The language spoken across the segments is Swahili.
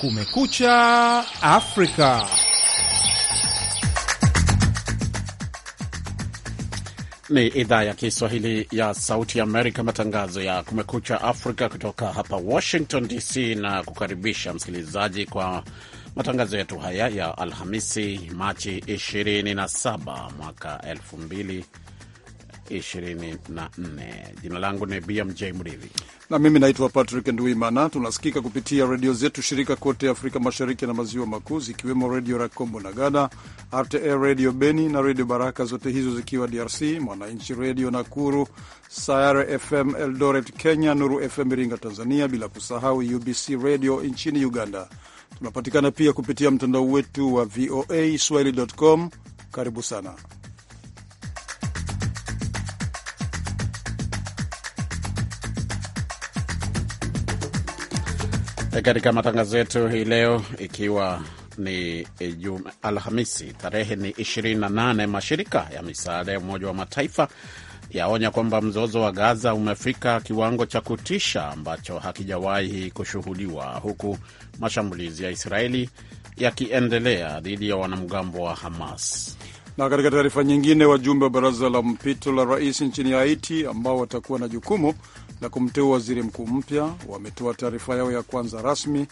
Kumekucha Afrika. Ni idhaa ya Kiswahili ya Sauti ya Amerika, matangazo ya Kumekucha Afrika kutoka hapa Washington DC, na kukaribisha msikilizaji kwa matangazo yetu haya ya Alhamisi, Machi 27 mwaka 24. Jina langu ni BMJ Mridhi na mimi naitwa Patrick Nduimana. Tunasikika kupitia redio zetu shirika kote Afrika Mashariki na Maziwa Makuu, zikiwemo Redio Rakombo na Gada, RTL Redio Beni na Redio Baraka, zote hizo zikiwa DRC, Mwananchi Redio Nakuru, Sayare FM Eldoret Kenya, Nuru FM Iringa Tanzania, bila kusahau UBC Redio nchini Uganda. Tunapatikana pia kupitia mtandao wetu wa VOA swahili.com. Karibu sana. E, katika matangazo yetu hii leo, ikiwa ni e, juma, Alhamisi tarehe ni 28, mashirika ya misaada ya Umoja wa Mataifa yaonya kwamba mzozo wa Gaza umefika kiwango cha kutisha ambacho hakijawahi kushuhudiwa, huku mashambulizi ya Israeli yakiendelea dhidi ya wanamgambo wa Hamas. Na katika taarifa nyingine, wajumbe wa baraza la mpito la rais nchini Haiti ambao watakuwa na jukumu na kumteua waziri mkuu mpya wametoa taarifa yao ya kwanza rasmi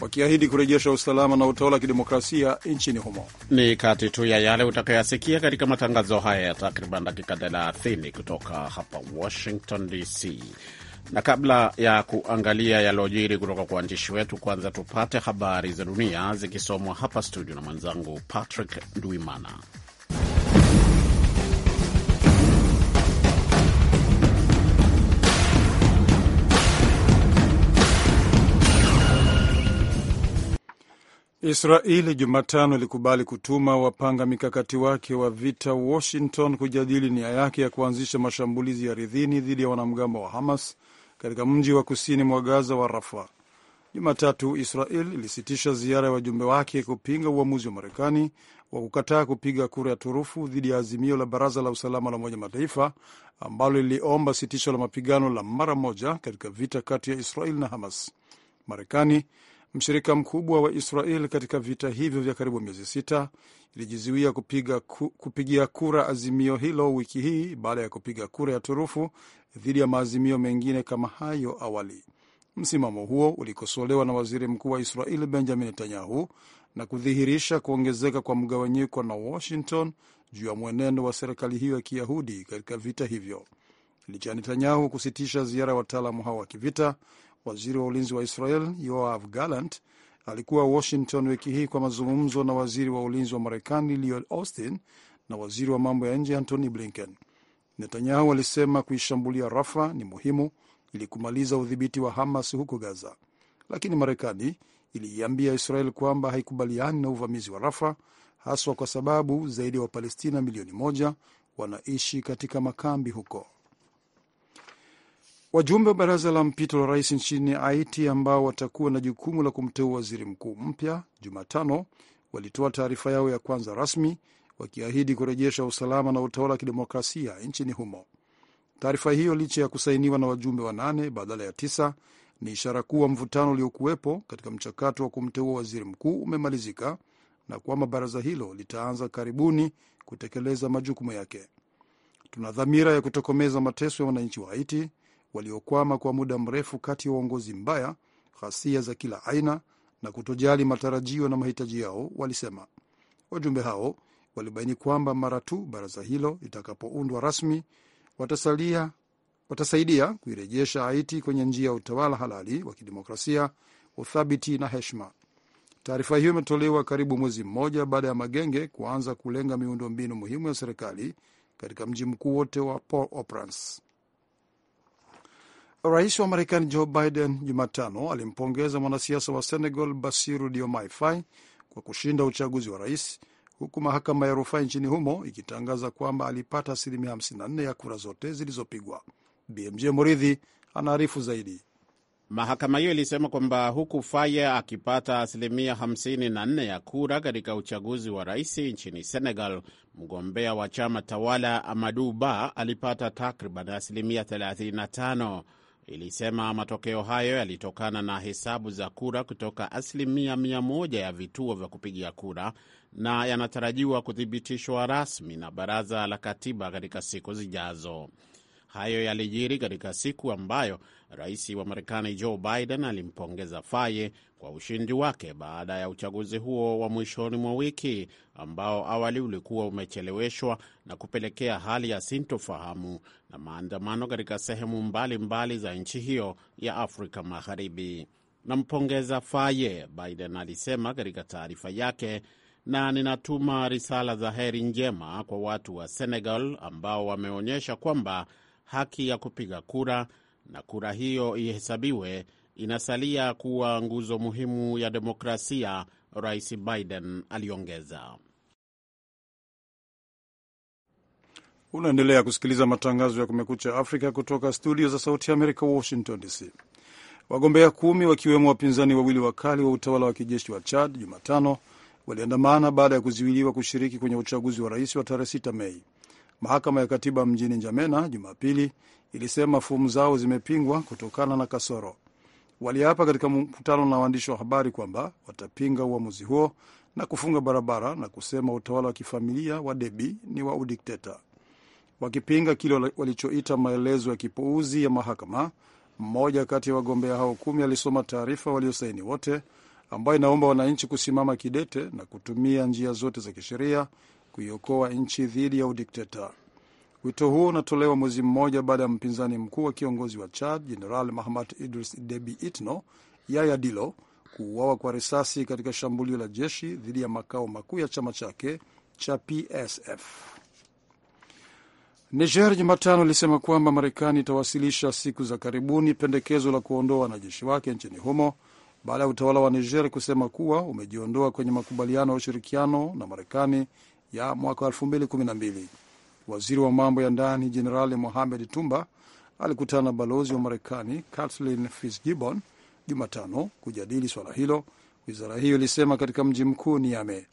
wakiahidi kurejesha usalama na utawala wa kidemokrasia nchini humo. Ni kati tu ya yale utakayasikia katika matangazo haya ya takriban dakika 30 kutoka hapa Washington DC. Na kabla ya kuangalia yaliyojiri kutoka kwa waandishi wetu, kwanza tupate habari za dunia zikisomwa hapa studio na mwenzangu Patrick Ndwimana. Israeli Jumatano ilikubali kutuma wapanga mikakati wake wa vita Washington kujadili nia yake ya kuanzisha mashambulizi ya ridhini dhidi ya wanamgambo wa Hamas katika mji wa kusini mwa Gaza wa Rafa. Jumatatu, Israel ilisitisha ziara ya wajumbe wake kupinga uamuzi wa Marekani wa kukataa kupiga kura ya turufu dhidi ya azimio la Baraza la Usalama la Umoja Mataifa ambalo liliomba sitisho la mapigano la mara moja katika vita kati ya Israel na Hamas. Marekani mshirika mkubwa wa Israel katika vita hivyo vya karibu miezi sita, ilijizuia kupiga ku, kupigia kura azimio hilo wiki hii baada ya kupiga kura ya turufu dhidi ya maazimio mengine kama hayo awali. Msimamo huo ulikosolewa na waziri mkuu wa Israel Benjamin Netanyahu na kudhihirisha kuongezeka kwa mgawanyiko na Washington juu ya mwenendo wa serikali hiyo ya Kiyahudi katika vita hivyo. Licha ya Netanyahu kusitisha ziara ya wataalamu hao wa kivita, Waziri wa ulinzi wa Israel Yoav Gallant alikuwa Washington wiki hii kwa mazungumzo na waziri wa ulinzi wa Marekani Lloyd Austin na waziri wa mambo ya nje Antony Blinken. Netanyahu alisema kuishambulia Rafa ni muhimu ili kumaliza udhibiti wa Hamas huko Gaza, lakini Marekani iliiambia Israel kwamba haikubaliani na uvamizi wa Rafa, haswa kwa sababu zaidi ya wa Wapalestina milioni moja wanaishi katika makambi huko. Wajumbe wa baraza la mpito la rais nchini Haiti ambao watakuwa na jukumu la kumteua waziri mkuu mpya Jumatano walitoa taarifa yao ya kwanza rasmi wakiahidi kurejesha usalama na utawala wa kidemokrasia nchini humo. Taarifa hiyo licha ya kusainiwa na wajumbe wanane badala ya tisa ni ishara kuwa mvutano uliokuwepo katika mchakato wa kumteua waziri mkuu umemalizika na kwamba baraza hilo litaanza karibuni kutekeleza majukumu yake. Tuna dhamira ya kutokomeza mateso ya wananchi wa Haiti waliokwama kwa muda mrefu kati ya uongozi mbaya, ghasia za kila aina na kutojali matarajio na mahitaji yao, walisema. Wajumbe hao walibaini kwamba mara tu baraza hilo litakapoundwa rasmi watasalia, watasaidia kuirejesha Haiti kwenye njia ya utawala halali wa kidemokrasia, uthabiti na heshima. Taarifa hiyo imetolewa karibu mwezi mmoja baada ya magenge kuanza kulenga miundo mbinu muhimu ya serikali katika mji mkuu wote wa Port-au-Prince. Rais wa Marekani Joe Biden Jumatano alimpongeza mwanasiasa wa Senegal Basiru Diomaye Faye kwa kushinda uchaguzi wa rais, huku mahakama ya rufaa nchini humo ikitangaza kwamba alipata asilimia 54 ya kura zote zilizopigwa. BMJ Muridhi anaarifu zaidi. Mahakama hiyo ilisema kwamba huku Faye akipata asilimia 54 ya kura katika uchaguzi wa rais nchini Senegal, mgombea wa chama tawala Amadou Ba alipata takriban asilimia 35 ilisema matokeo hayo yalitokana na hesabu za kura kutoka asilimia mia moja ya vituo vya kupigia kura na yanatarajiwa kuthibitishwa rasmi na baraza la katiba katika siku zijazo. Hayo yalijiri katika siku ambayo rais wa Marekani Joe Biden alimpongeza Faye kwa ushindi wake baada ya uchaguzi huo wa mwishoni mwa wiki ambao awali ulikuwa umecheleweshwa na kupelekea hali ya sintofahamu na maandamano katika sehemu mbalimbali mbali za nchi hiyo ya Afrika Magharibi. Nampongeza Faye, Biden alisema katika taarifa yake, na ninatuma risala za heri njema kwa watu wa Senegal ambao wameonyesha kwamba haki ya kupiga kura na kura hiyo ihesabiwe inasalia kuwa nguzo muhimu ya demokrasia, Rais Biden aliongeza. Unaendelea kusikiliza matangazo ya Kumekucha Afrika kutoka studio za Sauti ya Amerika, Washington DC. Wagombea kumi wakiwemo wapinzani wawili wakali wa utawala wa kijeshi wa Chad Jumatano waliandamana baada ya kuzuiliwa kushiriki kwenye uchaguzi wa rais wa tarehe 6 Mei. Mahakama ya Katiba mjini Njamena Jumapili ilisema fomu zao zimepingwa kutokana na kasoro. Waliapa katika mkutano na waandishi wa habari kwamba watapinga uamuzi huo na kufunga barabara na kusema utawala wa kifamilia wa debi ni wa udikteta. Wakipinga kile walichoita maelezo ya kipuuzi ya mahakama, mmoja kati ya wagombea hao kumi alisoma taarifa waliosaini wote, ambayo inaomba wananchi kusimama kidete na kutumia njia zote za kisheria kuiokoa nchi dhidi ya udikteta. Wito huo unatolewa mwezi mmoja baada ya mpinzani mkuu wa kiongozi wa Chad Jeneral Mahamat Idris Debi Itno Yaya Dilo kuuawa kwa risasi katika shambulio la jeshi dhidi ya makao makuu ya chama chake cha PSF. Niger Jumatano ilisema kwamba Marekani itawasilisha siku za karibuni pendekezo la kuondoa wanajeshi wake nchini humo baada ya utawala wa Niger kusema kuwa umejiondoa kwenye makubaliano ya ushirikiano na Marekani ya mwaka mbili. Waziri wa mambo ya ndani Jenerali Mohamed Tumba alikutana na balozi wa Marekani Kathleen Fitzgibbon Jumatano kujadili swala hilo, wizara hiyo ilisema katika mji mkuu Niamey.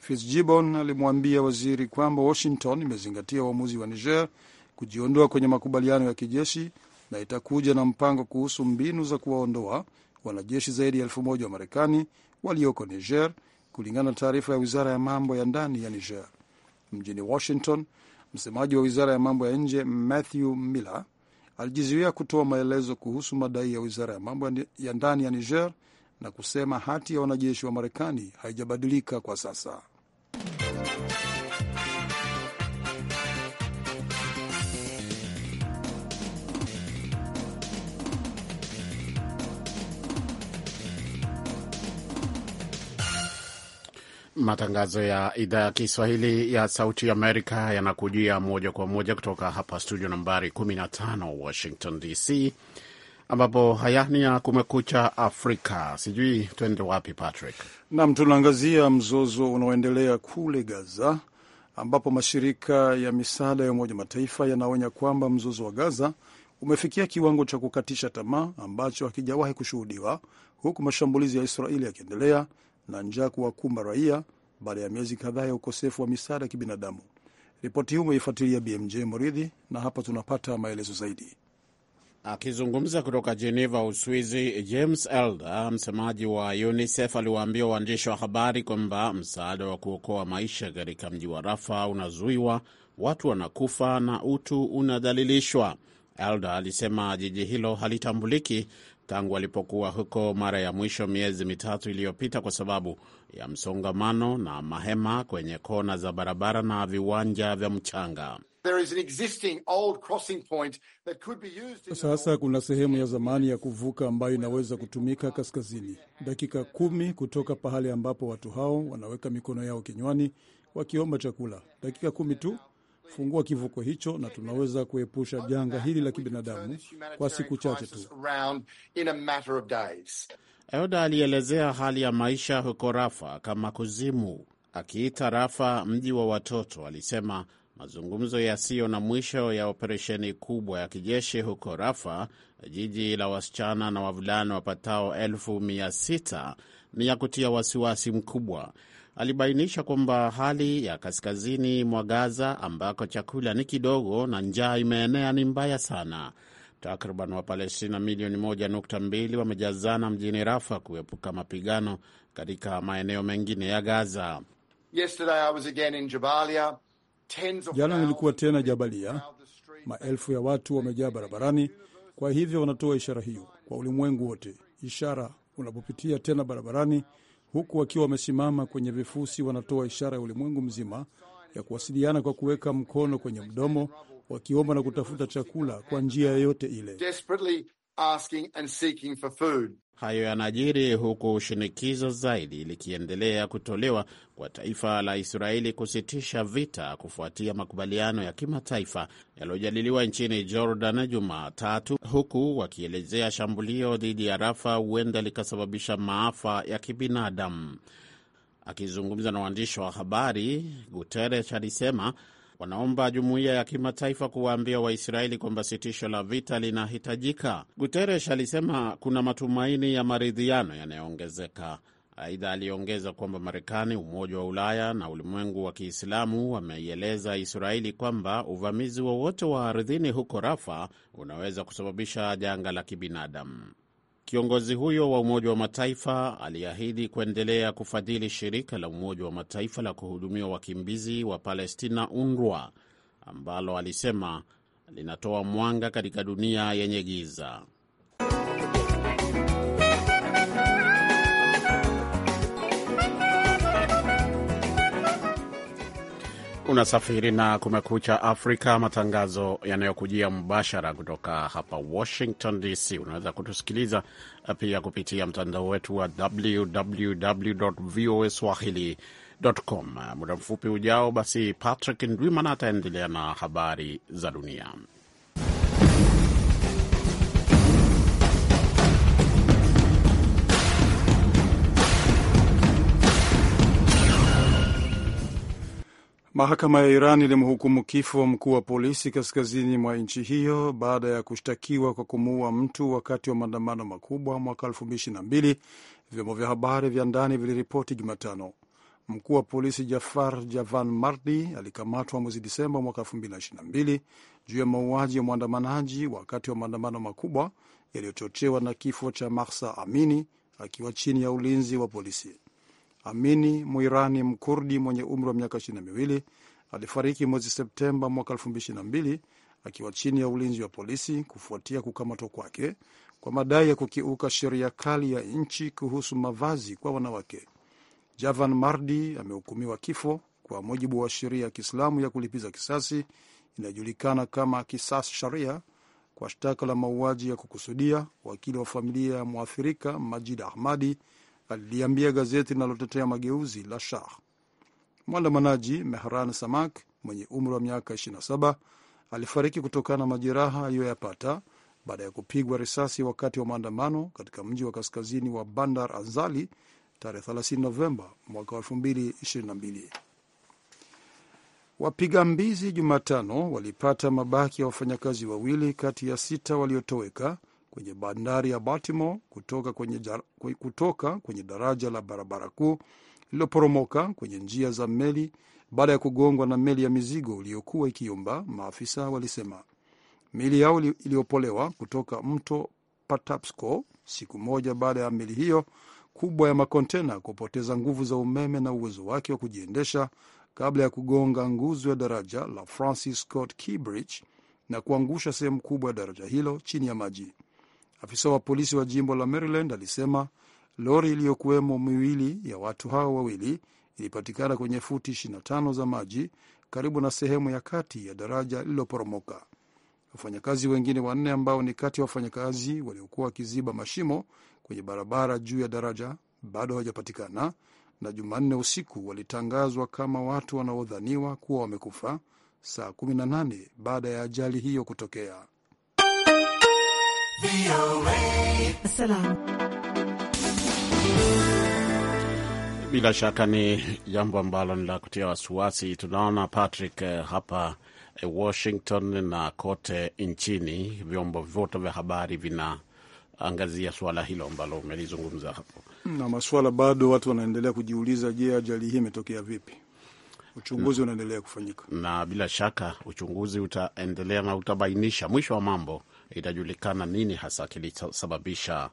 Fitzgibbon alimwambia waziri kwamba Washington imezingatia uamuzi wa Niger kujiondoa kwenye makubaliano ya kijeshi na itakuja na mpango kuhusu mbinu za kuwaondoa wanajeshi zaidi ya elfu moja wa Marekani walioko Niger kulingana na taarifa ya wizara ya mambo ya ndani ya Niger. Mjini Washington, msemaji wa wizara ya mambo ya nje Matthew Miller alijizuia kutoa maelezo kuhusu madai ya wizara ya mambo ya ndani ya Niger na kusema hati ya wanajeshi wa Marekani haijabadilika kwa sasa. Matangazo ya idhaa ya Kiswahili ya Sauti Amerika yanakujia moja kwa moja kutoka hapa studio nambari 15 Washington DC, ambapo haya ni ya Kumekucha Afrika. Sijui tuende wapi, Patrick? Nam, tunaangazia mzozo unaoendelea kule Gaza, ambapo mashirika ya misaada ya Umoja Mataifa yanaonya kwamba mzozo wa Gaza umefikia kiwango cha kukatisha tamaa ambacho hakijawahi kushuhudiwa, huku mashambulizi ya Israeli yakiendelea na njaa kuwakumba raia baada ya miezi kadhaa ya ukosefu wa misaada ya kibinadamu. Ripoti hii umeifuatilia BMJ Moridhi, na hapa tunapata maelezo zaidi. Akizungumza kutoka Geneva, Uswizi, James Elder, msemaji wa UNICEF, aliwaambia waandishi wa habari kwamba msaada wa kuokoa maisha katika mji wa Rafa unazuiwa, watu wanakufa na utu unadhalilishwa. Elder alisema jiji hilo halitambuliki tangu alipokuwa huko mara ya mwisho miezi mitatu iliyopita kwa sababu ya msongamano na mahema kwenye kona za barabara na viwanja vya mchanga. Sasa kuna sehemu ya zamani ya kuvuka ambayo inaweza kutumika kaskazini, dakika kumi kutoka pahali ambapo watu hao wanaweka mikono yao kinywani wakiomba chakula, dakika kumi tu fungua kivuko hicho na tunaweza kuepusha janga hili la kibinadamu kwa siku chache tu. Euda alielezea hali ya maisha huko Rafa kama kuzimu, akiita Rafa mji wa watoto. Alisema mazungumzo yasiyo na mwisho ya operesheni kubwa ya kijeshi huko Rafa, jiji la wasichana na wavulana wapatao elfu mia sita ni ya kutia wasiwasi mkubwa alibainisha kwamba hali ya kaskazini mwa Gaza ambako chakula ni kidogo na njaa imeenea ni mbaya sana. Takriban Wapalestina milioni 1.2 wamejazana mjini Rafa kuepuka mapigano katika maeneo mengine ya Gaza. Jana nilikuwa tena Jabalia, maelfu ya watu wamejaa barabarani. Kwa hivyo wanatoa ishara hiyo kwa ulimwengu wote, ishara unapopitia tena barabarani huku wakiwa wamesimama kwenye vifusi, wanatoa ishara ya ulimwengu mzima ya kuwasiliana kwa kuweka mkono kwenye mdomo, wakiomba na kutafuta chakula kwa njia yoyote ile asking and seeking for food. Hayo yanajiri huku shinikizo zaidi likiendelea kutolewa kwa taifa la Israeli kusitisha vita kufuatia makubaliano ya kimataifa yaliyojadiliwa nchini Jordan Jumatatu, huku wakielezea shambulio dhidi ya Rafa huenda likasababisha maafa ya kibinadamu. Akizungumza na waandishi wa habari, Guterres alisema wanaomba jumuiya ya kimataifa kuwaambia Waisraeli kwamba sitisho la vita linahitajika. Guterres alisema kuna matumaini ya maridhiano yanayoongezeka. Aidha, aliongeza kwamba Marekani, Umoja wa Ulaya na ulimwengu wa Kiislamu wameieleza Israeli kwamba uvamizi wowote wa, wa ardhini huko Rafa unaweza kusababisha janga la kibinadamu. Kiongozi huyo wa Umoja wa Mataifa aliahidi kuendelea kufadhili shirika la Umoja wa Mataifa la kuhudumia wakimbizi wa Palestina, UNRWA, ambalo alisema linatoa mwanga katika dunia yenye giza. Unasafiri na Kumekucha Afrika, matangazo yanayokujia mubashara kutoka hapa Washington DC. Unaweza kutusikiliza pia kupitia mtandao wetu wa www voa swahili.com. Muda mfupi ujao, basi Patrick Ndwimana ataendelea na habari za dunia. Mahakama ya Iran ilimhukumu kifo mkuu wa polisi kaskazini mwa nchi hiyo baada ya kushtakiwa kwa kumuua mtu wakati wa maandamano makubwa mwaka 22 vyombo vya habari vya ndani viliripoti Jumatano. Mkuu wa polisi Jafar Javan Mardi alikamatwa mwezi Disemba mwaka 222 juu ya mauaji ya mwandamanaji wakati wa maandamano makubwa yaliyochochewa na kifo cha Mahsa Amini akiwa chini ya ulinzi wa polisi. Amini Mwirani, Mkurdi mwenye umri wa miaka ishirini na miwili, alifariki mwezi Septemba mwaka elfu mbili ishirini na mbili akiwa chini ya ulinzi wa polisi kufuatia kukamatwa kwake kwa madai ya kukiuka sheria kali ya nchi kuhusu mavazi kwa wanawake. Javan Mardi amehukumiwa kifo kwa mujibu wa sheria ya Kiislamu ya kulipiza kisasi inayojulikana kama kisas sharia kwa shtaka la mauaji ya kukusudia. Wakili wa familia ya mwathirika Majid Ahmadi aliliambia gazeti linalotetea mageuzi la Shah. Mwandamanaji Mehran Samak mwenye umri wa miaka 27 alifariki kutokana na majeraha aliyoyapata baada ya kupigwa risasi wakati wa maandamano katika mji wa kaskazini wa Bandar Anzali tarehe 30 Novemba mwaka 2022. Wapiga mbizi Jumatano walipata mabaki ya wafanyakazi wawili kati ya sita waliotoweka kwenye bandari ya Baltimore kutoka kwenye, jar, kutoka kwenye daraja la barabara kuu lililoporomoka kwenye njia za meli baada ya kugongwa na meli ya mizigo iliyokuwa ikiyumba, maafisa walisema. Mili yao iliyopolewa kutoka mto Patapsco siku moja baada ya meli hiyo kubwa ya makontena kupoteza nguvu za umeme na uwezo wake wa kujiendesha kabla ya kugonga nguzo ya daraja la Francis Scott Key Bridge na kuangusha sehemu kubwa ya daraja hilo chini ya maji. Afisa wa polisi wa jimbo la Maryland alisema lori iliyokuwemo miwili ya watu hao wawili ilipatikana kwenye futi 25 za maji karibu na sehemu ya kati ya daraja lililoporomoka. Wafanyakazi wengine wanne ambao ni kati ya wafanyakazi waliokuwa wakiziba mashimo kwenye barabara juu ya daraja bado hawajapatikana, na Jumanne usiku walitangazwa kama watu wanaodhaniwa kuwa wamekufa saa 18 baada ya ajali hiyo kutokea. Bila shaka ni jambo ambalo ni la kutia wasiwasi. Tunaona Patrick eh, hapa eh, Washington na kote nchini, vyombo vyote vya habari vinaangazia suala hilo ambalo umelizungumza hapo, na maswala bado watu wanaendelea kujiuliza, je, ajali hii imetokea vipi? uchunguzi unaendelea kufanyika, na bila shaka uchunguzi utaendelea na utabainisha mwisho wa mambo, itajulikana nini hasa kilisababisha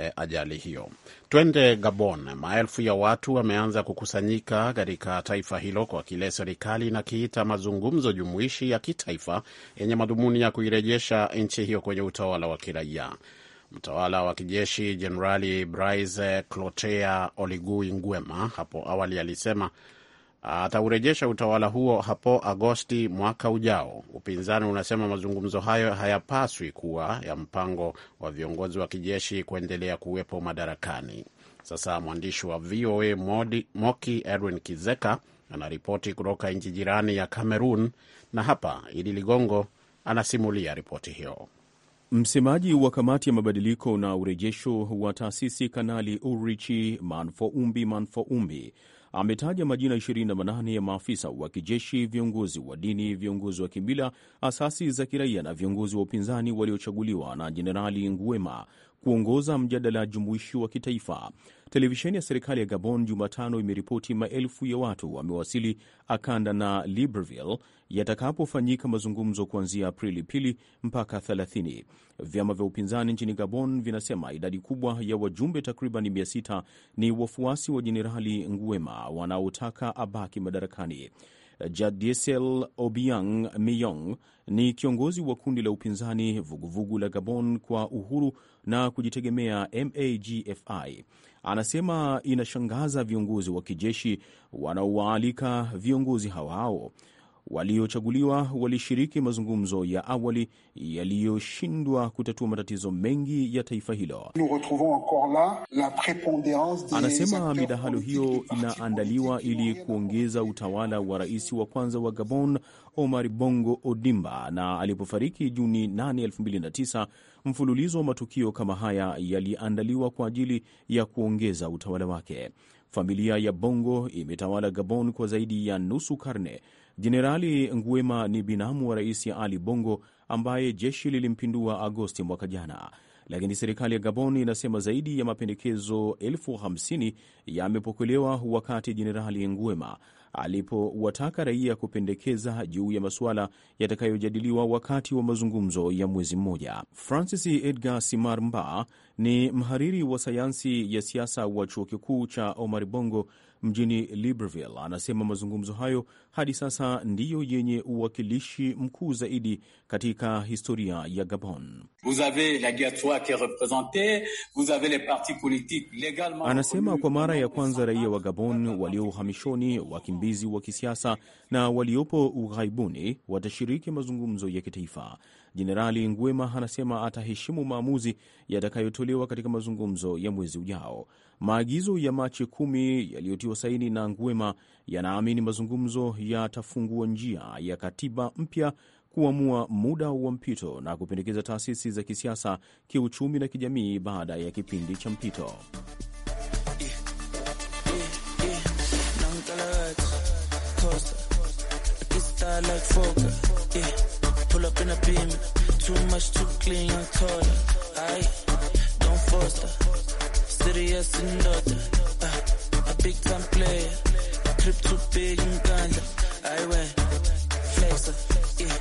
E, ajali hiyo. Twende Gabon. Maelfu ya watu wameanza kukusanyika katika taifa hilo kwa kile serikali inakiita mazungumzo jumuishi ya kitaifa yenye madhumuni ya kuirejesha nchi hiyo kwenye utawala wa kiraia. Mtawala wa kijeshi Jenerali Blaise Clotaire Oligui Nguema hapo awali alisema ataurejesha utawala huo hapo Agosti mwaka ujao. Upinzani unasema mazungumzo hayo hayapaswi kuwa ya mpango wa viongozi wa kijeshi kuendelea kuwepo madarakani. Sasa mwandishi wa VOA Modi, Moki Edwin Kizeka anaripoti kutoka nchi jirani ya Cameroon, na hapa Idi Ligongo anasimulia ripoti hiyo. Msemaji wa kamati ya mabadiliko na urejesho wa taasisi Kanali Urichi Manfoumbi Manfoumbi Ametaja majina 28 ya maafisa wa kijeshi, viongozi wa dini, viongozi wa kimila, asasi za kiraia na viongozi wa upinzani waliochaguliwa na Jenerali Nguema kuongoza mjadala jumuishi wa kitaifa. Televisheni ya serikali ya Gabon Jumatano imeripoti maelfu ya watu wamewasili Akanda na Libreville yatakapofanyika mazungumzo kuanzia Aprili pili mpaka 30. Vyama vya upinzani nchini Gabon vinasema idadi kubwa ya wajumbe takriban 600 ni wafuasi wa Jenerali Nguema wanaotaka abaki madarakani. Jadiesel Obiang Miyong ni kiongozi wa kundi la upinzani vuguvugu vugu la Gabon kwa uhuru na kujitegemea MAGFI anasema inashangaza viongozi wa kijeshi wanaowaalika viongozi hao hao waliochaguliwa walishiriki mazungumzo ya awali yaliyoshindwa kutatua matatizo mengi ya taifa hilo. Anasema midahalo hiyo inaandaliwa ili kuongeza utawala wa rais wa kwanza wa Gabon Omar Bongo Odimba na alipofariki Juni 8, 2009. Mfululizo wa matukio kama haya yaliandaliwa kwa ajili ya kuongeza utawala wake. Familia ya Bongo imetawala Gabon kwa zaidi ya nusu karne Jenerali Nguema ni binamu wa Rais Ali Bongo ambaye jeshi lilimpindua Agosti mwaka jana, lakini serikali ya Gabon inasema zaidi ya mapendekezo elfu hamsini yamepokelewa wakati Jenerali Nguema alipowataka raia kupendekeza juu ya masuala yatakayojadiliwa wakati wa mazungumzo ya mwezi mmoja. Francis Edgar Simar Mba ni mhariri wa sayansi ya siasa wa chuo kikuu cha Omar Bongo mjini Libreville anasema mazungumzo hayo hadi sasa ndiyo yenye uwakilishi mkuu zaidi katika historia ya Gabon. Vous avez la diaspora qui est representee, vous avez les partis politiques legalement. Anasema kwa mara ya kwanza raia wa Gabon walio uhamishoni, wakimbizi wa kisiasa na waliopo ughaibuni watashiriki mazungumzo ya kitaifa. Jenerali Ngwema anasema ataheshimu maamuzi yatakayotolewa katika mazungumzo ya mwezi ujao. Maagizo ya Machi kumi yaliyotiwa saini na Ngwema yanaamini mazungumzo yatafungua njia ya katiba mpya kuamua muda wa mpito na kupendekeza taasisi za kisiasa, kiuchumi na kijamii baada ya kipindi cha mpito. Pull up in a beam. Too much, too clean, I'm taller. Aight, don't foster. Serious and daughter. Uh, a big time player. Trip too big in Uganda. I went flexer. Yeah,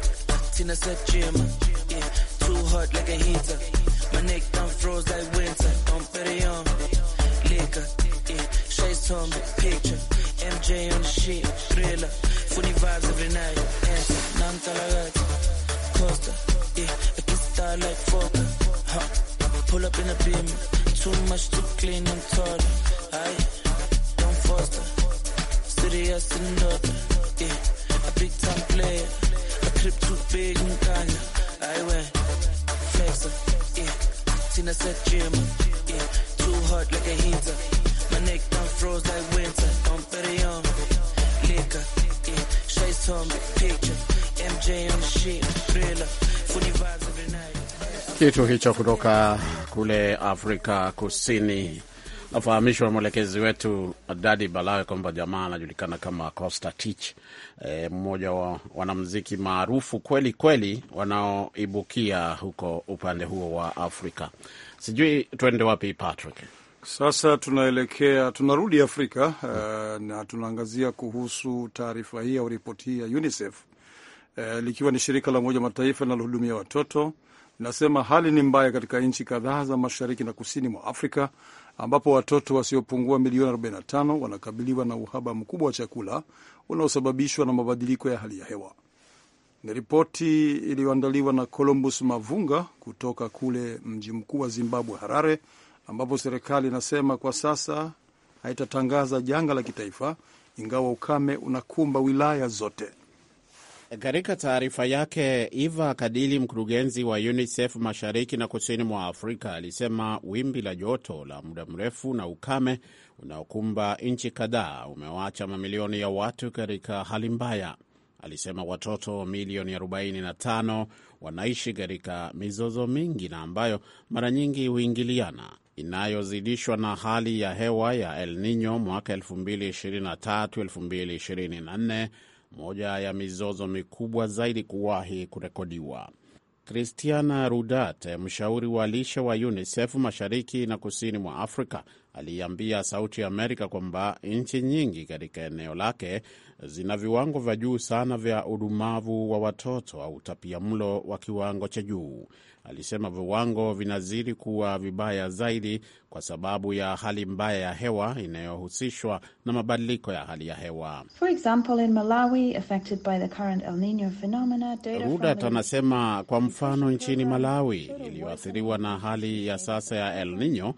Tina said gym. Yeah, too hot like a heater. My neck down froze like winter. I'm put young, Liquor. Yeah, shades on the picture. MJ on the sheet. Thriller. Funny vibes every night. Answer. Nam talagat. ¡Gracias! kitu hicho kutoka kule Afrika Kusini. Nafahamishwa mwelekezi wetu Dadi Balawe kwamba jamaa anajulikana kama Costa e, mmoja wa wanamziki maarufu kweli kweli wanaoibukia huko upande huo wa Afrika. Sijui tuende wapi Patrick? Sasa tunaelekea tunarudi Afrika uh, na tunaangazia kuhusu taarifa hii au ripoti hii ya UNICEF uh, likiwa ni shirika la Umoja Mataifa linalohudumia watoto inasema hali ni mbaya katika nchi kadhaa za mashariki na kusini mwa Afrika ambapo watoto wasiopungua milioni 45 wanakabiliwa na uhaba mkubwa wa chakula unaosababishwa na mabadiliko ya hali ya hewa. Ni ripoti iliyoandaliwa na Columbus Mavunga kutoka kule mji mkuu wa Zimbabwe, Harare, ambapo serikali inasema kwa sasa haitatangaza janga la kitaifa, ingawa ukame unakumba wilaya zote. Katika taarifa yake, Eva Kadili, mkurugenzi wa UNICEF mashariki na kusini mwa Afrika, alisema wimbi la joto la muda mrefu na ukame unaokumba nchi kadhaa umewacha mamilioni ya watu katika hali mbaya. Alisema watoto milioni 45 wanaishi katika mizozo mingi na ambayo mara nyingi huingiliana, inayozidishwa na hali ya hewa ya El Nino mwaka 2023 2024 moja ya mizozo mikubwa zaidi kuwahi kurekodiwa. Christiana Rudat, mshauri wa lishe wa UNICEF mashariki na kusini mwa Afrika, aliyeambia Sauti ya Amerika kwamba nchi nyingi katika eneo lake zina viwango vya juu sana vya udumavu wa watoto au mlo wa kiwango cha juu alisema viwango vinazidi kuwa vibaya zaidi kwa sababu ya hali mbaya ya hewa inayohusishwa na mabadiliko ya hali ya hewa. Rudat anasema, kwa mfano nchini Malawi iliyoathiriwa na hali ya sasa ya El Nino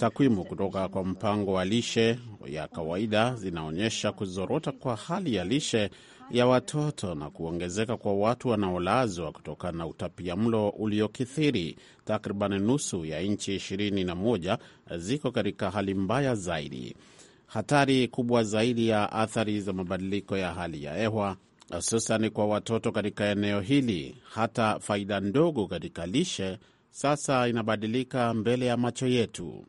Takwimu kutoka kwa mpango wa lishe ya kawaida zinaonyesha kuzorota kwa hali ya lishe ya watoto na kuongezeka kwa watu wanaolazwa kutokana na utapia mlo uliokithiri. Takriban nusu ya nchi 21 ziko katika hali mbaya zaidi. Hatari kubwa zaidi ya athari za mabadiliko ya hali ya hewa hususani kwa watoto katika eneo hili. Hata faida ndogo katika lishe sasa inabadilika mbele ya macho yetu.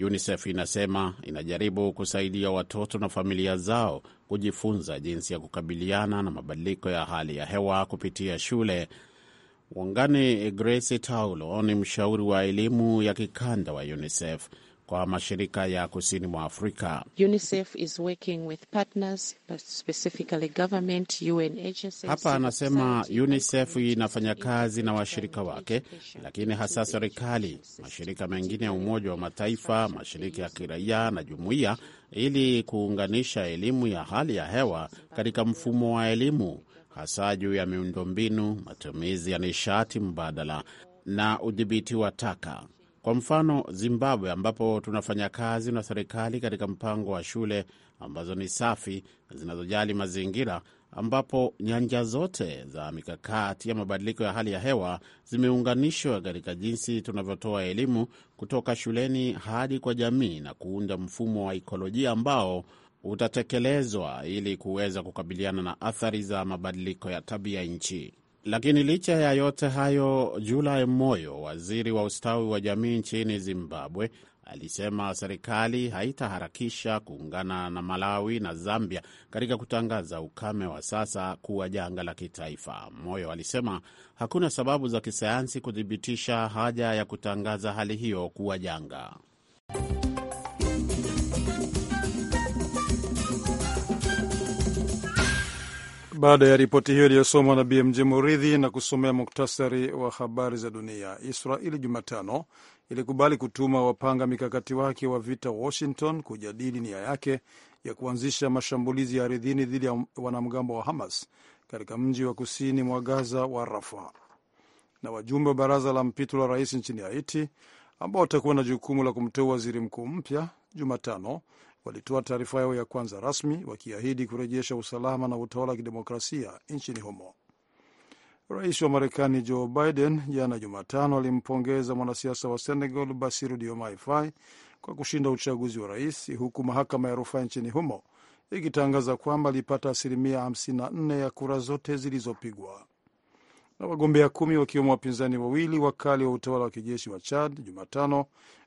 UNICEF inasema inajaribu kusaidia watoto na familia zao kujifunza jinsi ya kukabiliana na mabadiliko ya hali ya hewa kupitia shule. Wangani Grace Taulo ni mshauri wa elimu ya kikanda wa UNICEF kwa mashirika ya kusini mwa Afrika. UNICEF is working with partners, specifically government, UN agencies. Hapa anasema UNICEF inafanya kazi na washirika wake, lakini hasa serikali, mashirika mengine ya Umoja wa Mataifa, mashirika ya kiraia na jumuiya, ili kuunganisha elimu ya hali ya hewa katika mfumo wa elimu, hasa juu ya miundombinu, matumizi ya nishati mbadala na udhibiti wa taka. Kwa mfano Zimbabwe, ambapo tunafanya kazi na serikali katika mpango wa shule ambazo ni safi na zinazojali mazingira, ambapo nyanja zote za mikakati ya mabadiliko ya hali ya hewa zimeunganishwa katika jinsi tunavyotoa elimu kutoka shuleni hadi kwa jamii na kuunda mfumo wa ikolojia ambao utatekelezwa ili kuweza kukabiliana na athari za mabadiliko ya tabia nchi. Lakini licha ya yote hayo, Julai Moyo, waziri wa ustawi wa jamii nchini Zimbabwe, alisema serikali haitaharakisha kuungana na Malawi na Zambia katika kutangaza ukame wa sasa kuwa janga la kitaifa. Moyo alisema hakuna sababu za kisayansi kuthibitisha haja ya kutangaza hali hiyo kuwa janga. Baada ya ripoti hiyo iliyosomwa na BMJ Muridhi na kusomea muktasari wa habari za dunia. Israeli Jumatano ilikubali kutuma wapanga mikakati wake wa vita Washington kujadili nia yake ya kuanzisha mashambulizi ya ardhini dhidi ya wanamgambo wa Hamas katika mji wa kusini mwa Gaza wa Rafa. Na wajumbe wa baraza la mpito la rais nchini Haiti ambao watakuwa na jukumu la kumteua waziri mkuu mpya Jumatano walitoa taarifa yao ya kwanza rasmi wakiahidi kurejesha usalama na utawala wa kidemokrasia nchini humo. Rais wa Marekani Joe Biden jana Jumatano alimpongeza mwanasiasa wa Senegal Basiru Diomaye Faye kwa kushinda uchaguzi wa rais, huku mahakama ya rufaa nchini humo ikitangaza kwamba alipata asilimia 54 ya kura zote zilizopigwa na wagombea kumi wakiwemo wapinzani wawili wakali wa utawala wa kijeshi wa Chad Jumatano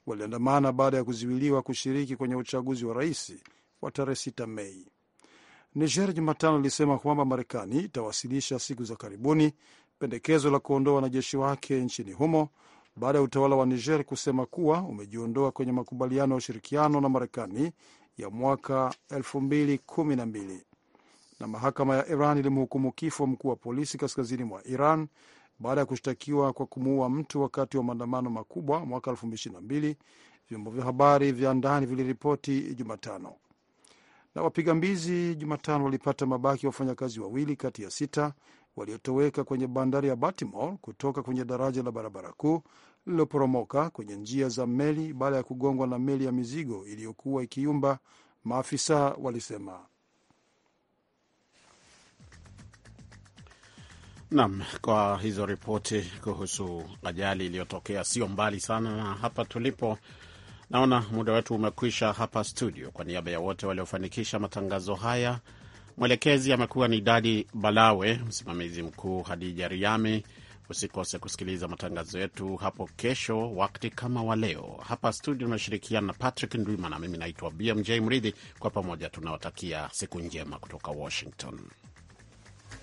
waliandamana baada ya kuziwiliwa kushiriki kwenye uchaguzi wa rais wa tarehe 6 Mei. Niger Jumatano ilisema kwamba Marekani itawasilisha siku za karibuni pendekezo la kuondoa wanajeshi wake nchini humo baada ya utawala wa Niger kusema kuwa umejiondoa kwenye makubaliano ya ushirikiano na Marekani ya mwaka 2012 na mahakama ya Iran ilimhukumu kifo mkuu wa polisi kaskazini mwa Iran baada ya kushtakiwa kwa kumuua mtu wakati wa maandamano makubwa mwaka 2022, vyombo vya habari vya ndani viliripoti Jumatano. Na wapiga mbizi Jumatano walipata mabaki ya wafanyakazi wawili kati ya sita waliotoweka kwenye bandari ya Baltimore kutoka kwenye daraja la barabara kuu lililoporomoka kwenye njia za meli baada ya kugongwa na meli ya mizigo iliyokuwa ikiyumba, maafisa walisema. Naam, kwa hizo ripoti kuhusu ajali iliyotokea sio mbali sana na hapa tulipo. Naona muda wetu umekwisha hapa studio. Kwa niaba ya wote waliofanikisha matangazo haya, mwelekezi amekuwa ni Dadi Balawe, msimamizi mkuu Hadija Riami. Usikose kusikiliza matangazo yetu hapo kesho wakati kama wa leo. Hapa studio tunashirikiana na Patrick ndwimana mimi naitwa BMJ Mridhi. Kwa pamoja tunawatakia siku njema kutoka Washington.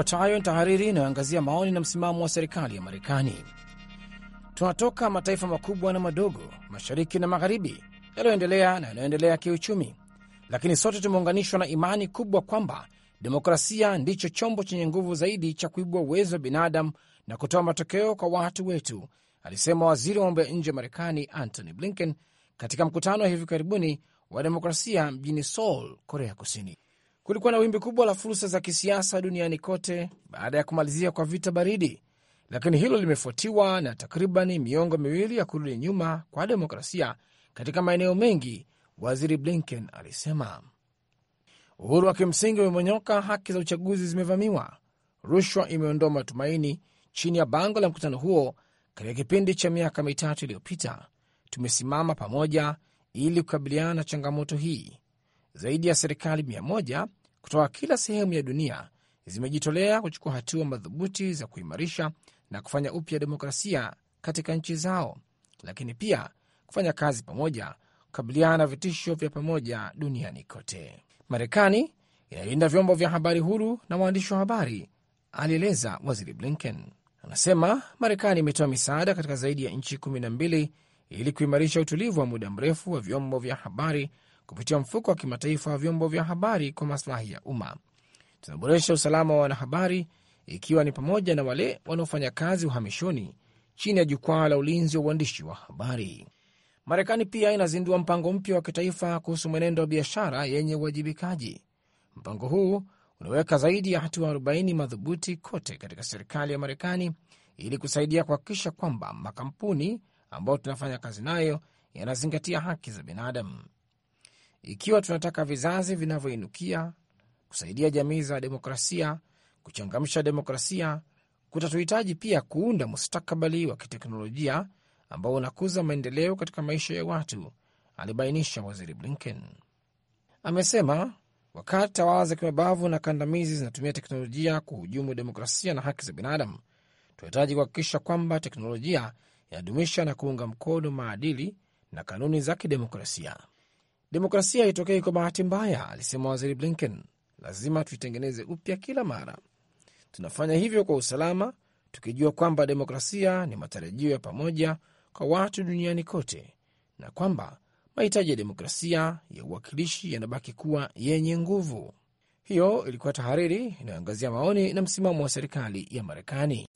Ifuatayo ni tahariri inayoangazia maoni na msimamo wa serikali ya Marekani. Tunatoka mataifa makubwa na madogo, mashariki na magharibi, yaliyoendelea na yanayoendelea kiuchumi, lakini sote tumeunganishwa na imani kubwa kwamba demokrasia ndicho chombo chenye nguvu zaidi cha kuibua uwezo wa binadamu na kutoa matokeo kwa watu wetu, alisema waziri wa mambo ya nje ya Marekani Antony Blinken katika mkutano wa hivi karibuni wa demokrasia mjini Seoul, Korea Kusini kulikuwa na wimbi kubwa la fursa za kisiasa duniani kote baada ya kumalizia kwa vita baridi, lakini hilo limefuatiwa na takriban miongo miwili ya kurudi nyuma kwa demokrasia katika maeneo mengi, Waziri Blinken alisema. Uhuru wa kimsingi umemonyoka, haki za uchaguzi zimevamiwa, rushwa imeondoa matumaini. Chini ya bango la mkutano huo, katika kipindi cha miaka mitatu iliyopita, tumesimama pamoja ili kukabiliana na changamoto hii. Zaidi ya serikali mia moja kutoka kila sehemu ya dunia zimejitolea kuchukua hatua madhubuti za kuimarisha na kufanya upya demokrasia katika nchi zao, lakini pia kufanya kazi pamoja kukabiliana na vitisho vya pamoja duniani kote. Marekani inalinda vyombo vya habari huru na waandishi wa habari, alieleza Waziri Blinken. Anasema Marekani imetoa misaada katika zaidi ya nchi kumi na mbili ili kuimarisha utulivu wa muda mrefu wa vyombo vya habari kupitia mfuko wa kimataifa wa vyombo vya habari kwa maslahi ya umma. Tunaboresha usalama wa wanahabari, ikiwa ni pamoja na wale wanaofanya kazi uhamishoni chini ya jukwaa la ulinzi wa uandishi wa habari. Marekani pia inazindua mpango mpya wa kitaifa kuhusu mwenendo wa biashara yenye uwajibikaji. Mpango huu unaweka zaidi ya hatua 40 madhubuti kote katika serikali ya Marekani ili kusaidia kuhakikisha kwamba makampuni ambayo tunafanya kazi nayo yanazingatia haki za binadamu. Ikiwa tunataka vizazi vinavyoinukia, kusaidia jamii za demokrasia, kuchangamsha demokrasia, kutatuhitaji pia kuunda mustakabali wa kiteknolojia ambao unakuza maendeleo katika maisha ya watu, alibainisha Waziri Blinken. Amesema wakati tawala za kimabavu na kandamizi zinatumia teknolojia kuhujumu demokrasia na haki za binadamu, tunahitaji kuhakikisha kwamba teknolojia inadumisha na kuunga mkono maadili na kanuni za kidemokrasia. Demokrasia haitokei kwa bahati mbaya, alisema waziri Blinken. Lazima tuitengeneze upya kila mara. Tunafanya hivyo kwa usalama, tukijua kwamba demokrasia ni matarajio ya pamoja kwa watu duniani kote na kwamba mahitaji ya demokrasia ya uwakilishi yanabaki kuwa yenye nguvu. Hiyo ilikuwa tahariri inayoangazia maoni na msimamo wa serikali ya Marekani.